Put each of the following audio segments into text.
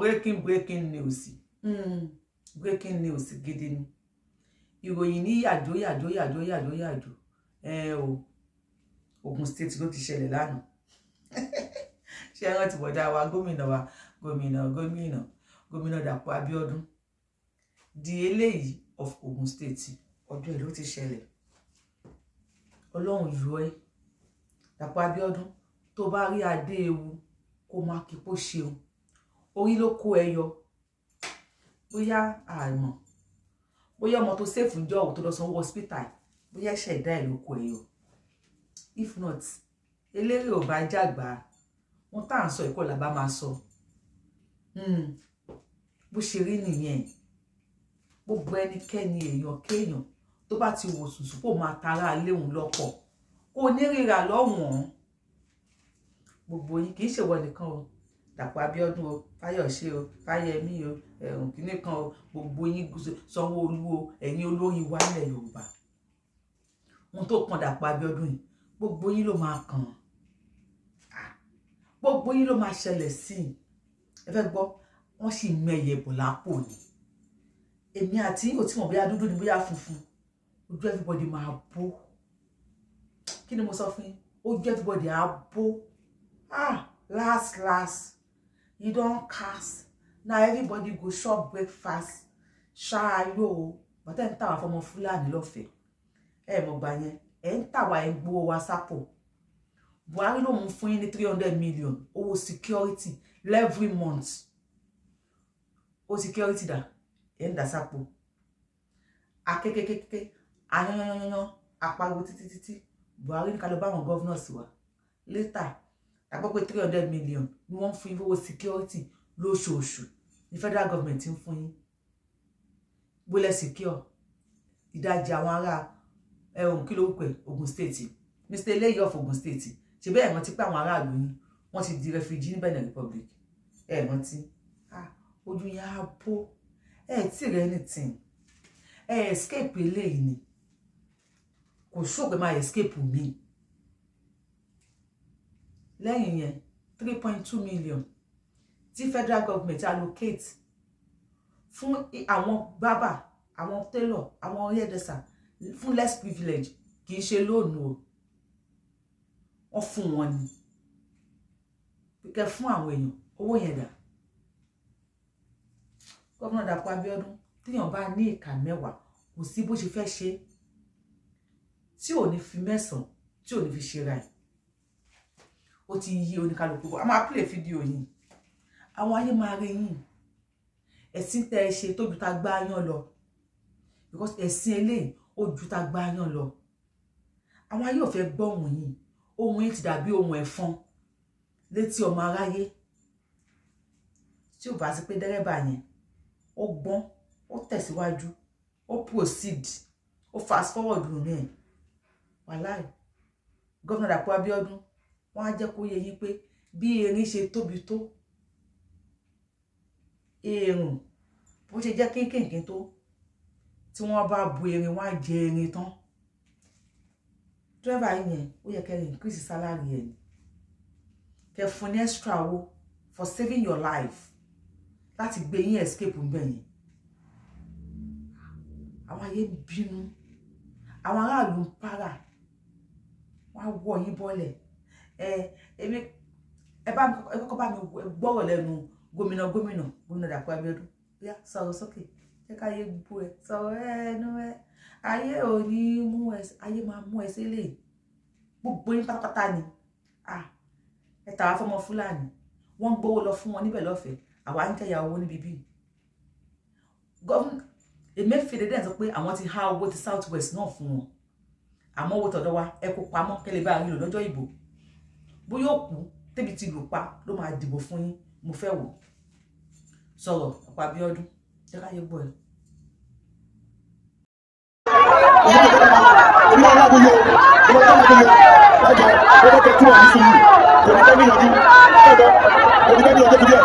breaking breaking news mm. breaking news gidi ni ìròyìn ní yàjó yàjó yàjó yàjó yàjó ẹ o Ogun State ló ti ṣẹlẹ̀ lánàá ṣé ẹ rántí bọ̀dá wa gómìnà wa gómìnà gómìnà gómìnà Dàpọ̀ Abíọ́dún di eléyìí of Ogun State ọjọ́ ẹ̀ ló ti ṣẹlẹ̀ Ọlọ́run yọ ẹ́ Dàpọ̀ Abíọ́dún tó bá rí adé ewu kó má kí pọ́ ṣeun orí ló kó ẹ yọ bóyá àmọ́ bóyá ọmọ tó sèfù ń jọ òun tó lọ sanwó hospital bóyá ẹ̀ṣẹ̀ ìdá ẹ ló kó ẹ if not eléré ò bá jàgbá wọn tá à ń sọ ìkọ làbá máa sọ hmm. bó ṣe rí nìyẹn gbogbo ẹnikẹ́ni èèyàn kéèyàn tó bá ti wò sùn sùpò máa tara léhùn lọ́pọ̀ kò ní ríra lọ́wọ́n gbogbo yìí kì í ṣèwọ nìkan o dàpọ̀ abíọ́dún o fáyọ̀ṣe o fáyẹmí o ẹ̀hún o gbogbo yín sanwó-olú o ẹ̀yin olóyin wa ilẹ̀ yorùbá ohun tó kan dàpọ̀ abíọ́dún yìí gbogbo yín ló máa kàn gbogbo yín ló máa ṣẹlẹ̀ sí i ẹ fẹ́ gbọ́ wọ́n sì mẹ́yẹ bọ̀ lápò ni èmi àti yóò tí mo bóyá dúdú ni bóyá funfun ojú everybody máa bó kí ni mo sọ fún yín ojú everybody á bó ah last last you don't cast now. everybody go chop breakfast ṣááyó o bàtà ń tàwa fọmọ fúlàní lọ́fẹ̀ẹ́ ẹ mọ̀ gbà yẹn ẹ̀ ń tàwa ẹ̀ ń gbowó wa sápò buhari ló mú fún yín ní three hundred million owó security every month ó security da. dà ẹ̀ ń dà sápò akékékéké ayanyanyanyan apariwo títí títí buhari ní ká lọ bá àwọn gọ́fúnà sí wa later àgbọ́ three hundred million ni wọ́n ń fún yín owó security lóṣooṣù ní federal government ń fún yín wọlé secure ìdajì àwọn ará ẹ̀hún kí ló ń pè Ogun State Mr. eléyìí of Ogun State ṣe bẹ́ẹ̀ rántí pé àwọn aráàlú yín wọ́n ti di refugee ní Benin Republic ẹ̀ rántí ah, ojú yẹn á bó ẹ̀ tí rẹ̀ anything ẹ̀ escape eléyìí ni kò sóògbé máa escape mi lẹ́yìn yẹn three point two million tí federal government allocate fún àwọn bábà àwọn tailor àwọn hairdresser fún less privilege kì í ṣe lóònù o wọ́n fún wọn ni kẹ fún àwọn èèyàn owó yẹn dà gómìnà Dàpọ̀ Abíọ́dún téèyàn bá ní ìka mẹ́wàá kò sí bó ṣe fẹ́ ṣe tí ò ní fi mẹ́sàn-án tí ò ní fi ṣe ra ẹ̀ ó ti yí oníkálukú bọ̀ a máa play fídíò yìí àwọn ayé máa rí yìí ẹ̀sìn tẹ́ ẹ ṣe tó ju ta gbá yán lọ because ẹ̀sìn eléyìí ó ju ta gbá yán lọ àwọn ayé ò fẹ́ gbọ́ ohùn yìí ohùn yìí ti dàbí ohùn ẹ̀fọn létí ọmọ aráyé tí ò bá sí pé dẹ́rẹ́bà yẹn ó gbọ́n ó tẹ̀síwájú ó proceed ó fast forward rẹ̀ wàláì gómìnà Dàpọ̀ Abíọ́dún wọ́n á jẹ́ kó yẹ yí pé bí erin ṣe tóbi tó eèrùn bó ṣe jẹ́ kínkìnkì tó tí wọ́n bá bu erin wọ́n á jẹ erin tán dírẹ́bà yẹn ó yẹ kẹ́ increase salary ẹ̀ ni fún ní extra owó for saving your life láti gbé yín escape ńbẹ̀ yẹn àwọn ayé ń bínú àwọn aráàlú ń para wọ́n á wọ̀ yín bọ́lẹ̀ ẹ èmi ẹ bá ẹ kọ́kọ́ bá mi gbọ́rọ̀ lẹ́nu gómìnà gómìnà gómìnà Dàpọ̀ Abíọ́dún bíyà sọ̀rọ̀ sókè jẹ́ ká ayé bú ẹ sọ̀rọ̀ ẹnu ẹ ayé ò ní mú ẹ ayé máa mú ẹ sílẹ̀ gbogbo yín pátápátá ni ẹ tàwa fọmọ Fúlàní wọ́n ń gbowó lọ fún wọn níbẹ̀ lọ́fẹ̀ẹ́ àwa ń jẹ̀yà owó níbi bíi Emefiele dẹ́n sọ pé àwọn ti há owó ti South West náà fún wọn àmọ́ owó tọ̀dọ̀ wa ẹ kó pamọ́ kẹ́lẹ́ bá a rí lò lọ́jọ́ ìbò bóyá òkú tẹ́bi ti lù pa ló máa dìbò fún yín mo fẹ́ wò sọ̀rọ̀ ọ̀pá Abíọ́dún jẹ́ ká yé gbọ́ ẹ̀. ìlú aláboyè ìlú aláboyè ẹ̀jẹ̀ ó bá tẹ̀ kúrò àbí sùúrù kò ní tẹ́lẹ̀ yànjú ẹ̀jẹ̀ kò ní tẹ́lẹ̀ yànjú díẹ̀.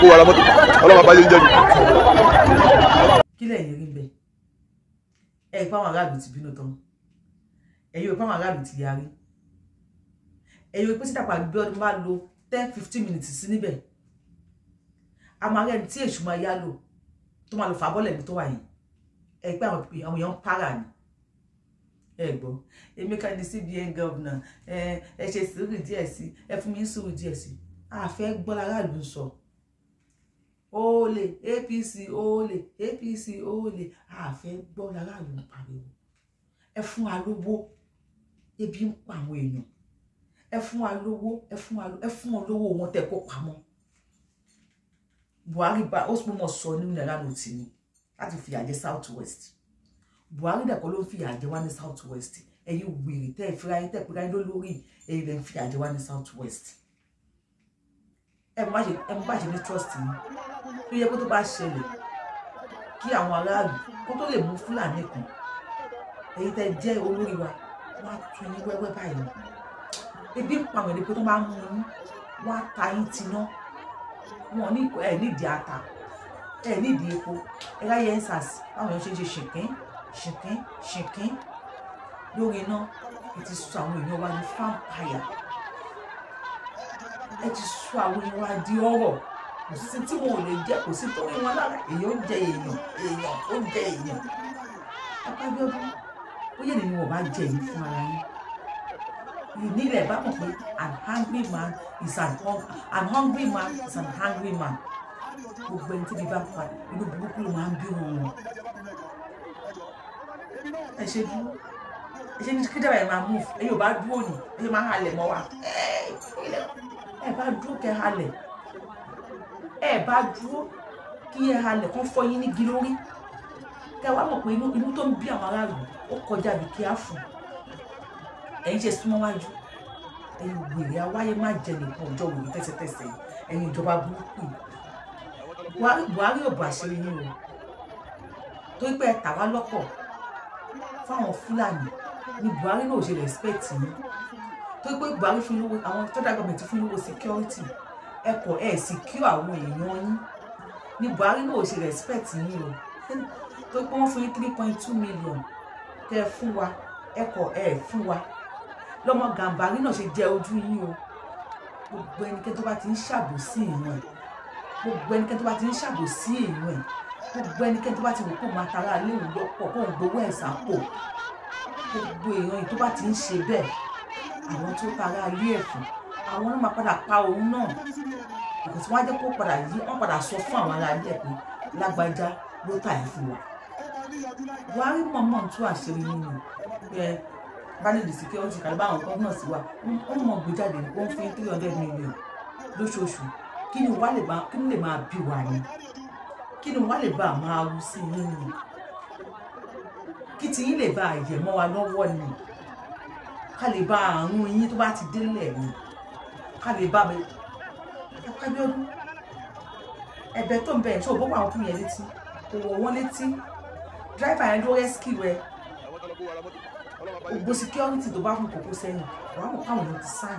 kó wa ra mọ́tò ọlọ́mọ abáyé ń jẹ́ mi. kí lẹ́yìn rí bẹ́ẹ̀ ẹ̀ pàwọn aráàlú ti bínú tán ẹ̀yin ò pàwọn aráàlú ti yarí ẹ̀yin ò pé sídàpọ̀ àgbẹ̀ ọdún máa lo ten fifteen minutes sí níbẹ̀ àmàrẹ́ ẹni tí èṣù máa yá lò tó máa lọ fà bọ́ọ̀lù ẹ̀mí tó wà yìí ẹ̀ pé àwọn èèyàn ń para ni ẹ gbọ́ èmi kan ní CBN governor ẹ ṣe sùúrù díẹ̀ sí ẹ fún mi sùúrù díẹ̀ sí àfẹ́ gbọ́ lára ìlú sọ olè apc olè apc olè àfẹ́ gbọ́ aráàlú ń pariwo ẹ fún wa lówó ebi ń pa àwọn èèyàn ẹ fún wa lówó ẹ fún wa ẹ fún wọn lówó wọn tẹ kó pamọ́ buhari bá ó mọ̀ sọ ní náírà nòtì ni láti fìyà jẹ south west buhari dẹ̀kọ́ ló ń fìyà jẹ wá ní south west ẹ̀yin wèrè tẹ́ ìfira yín tẹ́ ìpínlẹ̀ lólórí ẹ̀yin lẹ́ ń fìyà jẹ wá ní south west ẹ má ṣe ẹ má ṣe ní trust yìí tó yẹ kó tó bá ṣẹlẹ̀ kí àwọn aráàlú kó tó lè mú fúlàní kan èyí tẹ jẹ́ olórí wa wọ́n á tún yín wẹ́wẹ́ báyìí ebi ń pa àwọn èdè pé tó bá mú yín wọ́n á ta yín tiná wọn ní ẹ nídìí ata ẹ nídìí epo ẹ láyé ensas báwọn èèyàn ṣe ń ṣe ṣìnkín ṣìnkín ṣìnkín lórí iná ètí sọ àwọn èèyàn wa ní fáńpáyà ẹ ti sọ àwọn èèyàn àdí ọ̀rọ̀ kò sí tí wọn ò lè jẹ kò sí tó wọn lára èèyàn jẹ èèyàn èèyàn ó jẹ èèyàn apábíọdún ó yẹ nínú ọba jẹ yìí fún ara yín nílẹ̀ bá mọ̀ pé an hungry man is an hungry an hungry man is an hungry man gbogbo ẹni tí bí bá pa inú burúkú ló máa ń bí wọn wọn ẹ ṣe dúró ẹ ṣe ní kí dábàá yẹn máa move ẹ yóò bá dúró nù ẹ yóò máa halẹ̀ mọ́ wa ẹ ẹ ilẹ̀ kù ẹ bá dúró kẹ halẹ̀ ẹ bá dúró kí ẹ halẹ̀ kán fọ́ yín nígi lórí kẹ wá mọ̀ pé inú tó ń bí àwọn aráàlú ó kọjá bí kí á fún ẹ̀yin ṣe súnmọ́ wájú ẹ̀yin wèrè awáyé má jẹ nìkan ọjọ́ wòye tẹ́sẹ̀tẹ́sẹ̀ ẹ̀yin ìjọba burúkú Buhari ò bọ̀ àṣírí yín o torí pé ẹ tà wá lọ́pọ̀ fáwọn Fúlàní ni Buhari náà ò ṣe respect yín tó pé buhari fún lówó àwọn federal government fún lówó security ẹ kọ ẹ secure àwọn èèyàn yín ni buhari náà ò ṣe respect yín o tó pé wọ́n fún yín three point two million tẹ fún wa ẹ kọ ẹ fún wa lọ́mọ gàǹbarí náà ṣe jẹ ojú yín o gbogbo ẹnikẹ́ni tó bá ti ń ṣàbòsí ìran ẹ̀ gbogbo ẹnikẹ́ni tó bá ti ń ṣàbòsí ìran ẹ̀ gbogbo ẹnikẹ́ni tó bá ti wò kó máa tara léwu lọ́pọ̀ kó ń gbowó ẹ̀sán pò gbogbo èèyàn yìí tó bá ti ń ṣe bẹ́ẹ̀ àwọn tó tara ilé ẹ̀ fún àwọn náà máa padà pa òun náà ìkọ̀tí wọn á jẹ́ kó padà yí wọ́n padà sọ fún àwọn ará ilé ẹ̀ pé lágbájá ló tà ẹ́ fún wa buhari mọ̀mọ́ tú àṣírí nínú ẹ bánìlì security kàlùbá àwọn kan náà sí wa ó mọ̀ gbé jáde ó ń fi three hundred million lóṣooṣù kí ni wá lè máa kí ni lè máa bí wa ni kí ni wá lè bá a máa wú sí yín ni kí tiyín lè bá a yẹ̀ mọ́ wa lọ́wọ́ ni ká lè bá àrùn yín tó bá ti délẹ̀ mi ká lè bá mi kábíọ́dún ẹ̀bẹ̀ tó ń bẹ tí òbó àwọn fún yẹn létí kò wọ̀ wọ́n létí dráìvà yẹn ló rẹ́síkì rẹ ògbó síkírọ́rìtì tó bá fún kókó sẹ́yìn wàá mọ̀ káwọn èèyàn ti sáà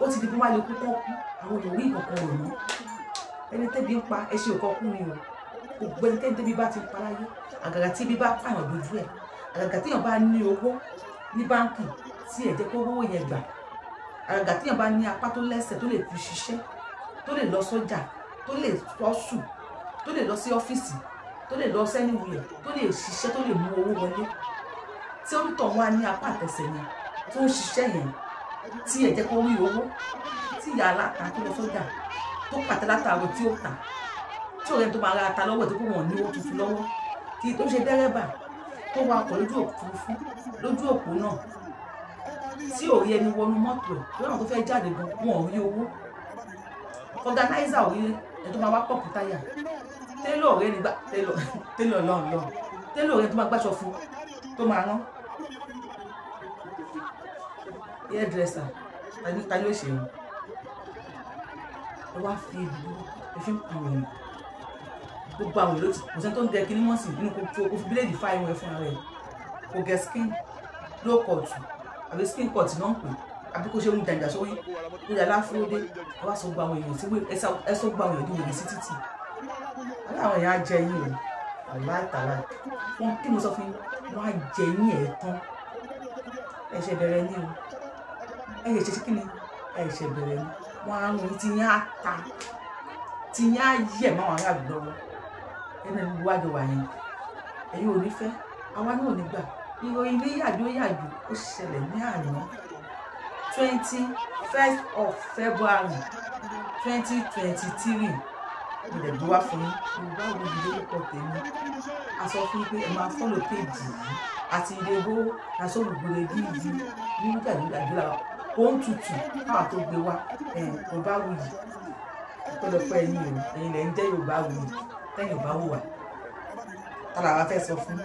ó ti di bí wàá lè kú kọ́kú àwọn èèyàn rí ìkọ̀kọ̀ rẹ̀ mọ́ ẹni tẹ́bi ń pa ẹṣẹ́ òkọ́kú ni o ògbẹ́ni tẹ́bi bá ti ń pa láyé àgàgà tí ibi bá pààyàn lójú ẹ̀ àgàgà tí èèyàn bá ní owó ní báńkì tí ẹ jẹ́ kó rówó yẹn gbà àgàgà tíyàn bá ní apá tó lẹ́sẹ̀ tó lè fi ṣiṣẹ́ tó lè lọ sọ́jà tó lè tọ́sù tó lè lọ sí ọ́fíìsì tó lè lọ sẹ́ni wuyẹ̀ tó lè ṣiṣẹ́ tó lè mú owó wọlé tí ó ń tọ̀ wá ní apá àtẹ̀sẹ̀ yẹn tó ń ṣiṣẹ́ yẹn tí ẹ jẹ́ kó rí owó tí ìyá aláta tó lọ sọ́jà tó pàtẹ́ látàrọ tí ó tà tí òun ẹni tó máa ra ata lọ́wọ́ ẹ̀ tó kó wọn ní owó tuntun lọ́wọ́ tí tó ṣe dẹ́rẹ́bà tó wakọ̀ lójú òfurufú lójú òpó náà tí ò rí ẹni wọnú mọ́tò ẹ̀ lọ́nà tó fẹ́ jáde gan wọn ò rí owó fọganáísà ò rí ẹ tó máa wá pọ̀ kútáyà télò ọ̀rẹ́ ni gbà télò télò ọlọ́run lọ télò ọ̀rẹ́ tó máa gbàṣọ fún tó máa rán hairdresser ta ni ó ṣe é wọ́n wá fi ìlú ẹ fi ń kúrò nù gbogbo àwọn èrò kò sẹ́ni tó ń dẹ kí ni wọ́n sì kó fi bíléèdì fá irun ẹ̀ fúnra rẹ̀ kò gẹ skin low cut àbí skin cut náà ń pè àbí kó ṣe ń dàgbà sórí ló yà láfúródé ẹ wá sọ gba àwọn èèyàn sí ẹ sọ gba àwọn èèyàn ní wèrè sí títì aláwọn èèyàn á jẹ yín o àláìtàlá wọn kí mo sọ fún yín wọn á jẹ yín ẹ tán ẹ ṣe bẹ̀rẹ̀ ní o ẹ ṣe ṣe kí ni ẹ ṣe bẹ̀rẹ̀ ní wọn á rún tí yín á ta tí yín á yẹ máwọn ará àgbọ̀wọ́ ẹnu ẹni wájọ wà yẹn ò ní fẹ́ àwa náà ò ní gbà ìròyìn ilé yàjò yàjò ó ṣẹlẹ̀ ní àná twenty first of February twenty twenty three mo lè gbé wá fún yín mo bá wo ìdílé lórúkọ tèmi a sọ fún yín pé ẹ máa fọ́lọ̀ péjì yìí àti ìdèbò asọ́gbùgbùrẹ́ bíi yìí ní gbàdúgbàdú làwọn ohun tuntun káwọn tó gbé wá ẹ̀ Yorùbá Wuyì ọ̀pọ̀lọpọ̀ ẹ̀yin o lẹ ń jẹ́ Yorùbá Wuyì tẹ́yìn bá wò wá tọ́lá wa fẹ́ sọ fún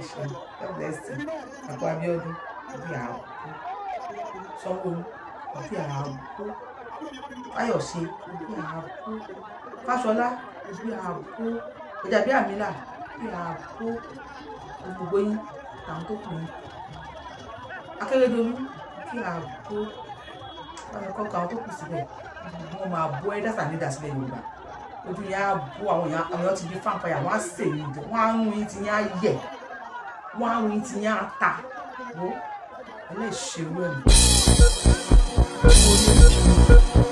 ẹ̀ṣẹ̀ God bless you àpò Abíọ́dún àbí àwọn Sanwó-Olú àbí àwọn Fáyọ̀ṣe àbí àwọn Fáṣọlá àbí àwọn ọjàbí àmìlà àbí àwọn gbogbo yín àwọn tó kù yín Akérédolú àbí àwọn ọkọ̀ àwọn tó kù síbẹ̀ wọ́n máa bọ́ ẹ́dá sànídà sílẹ̀ Yorùbá ojú yẹn á bó àwọn èèyàn àwọn èèyàn ti di vampire wọ́n á sè yín jẹ wọ́n á rún yín ti yẹn á yẹ̀ wọ́n á rún ti yẹn á ta wo ẹlẹ́ṣẹ̀ wẹ̀ mí.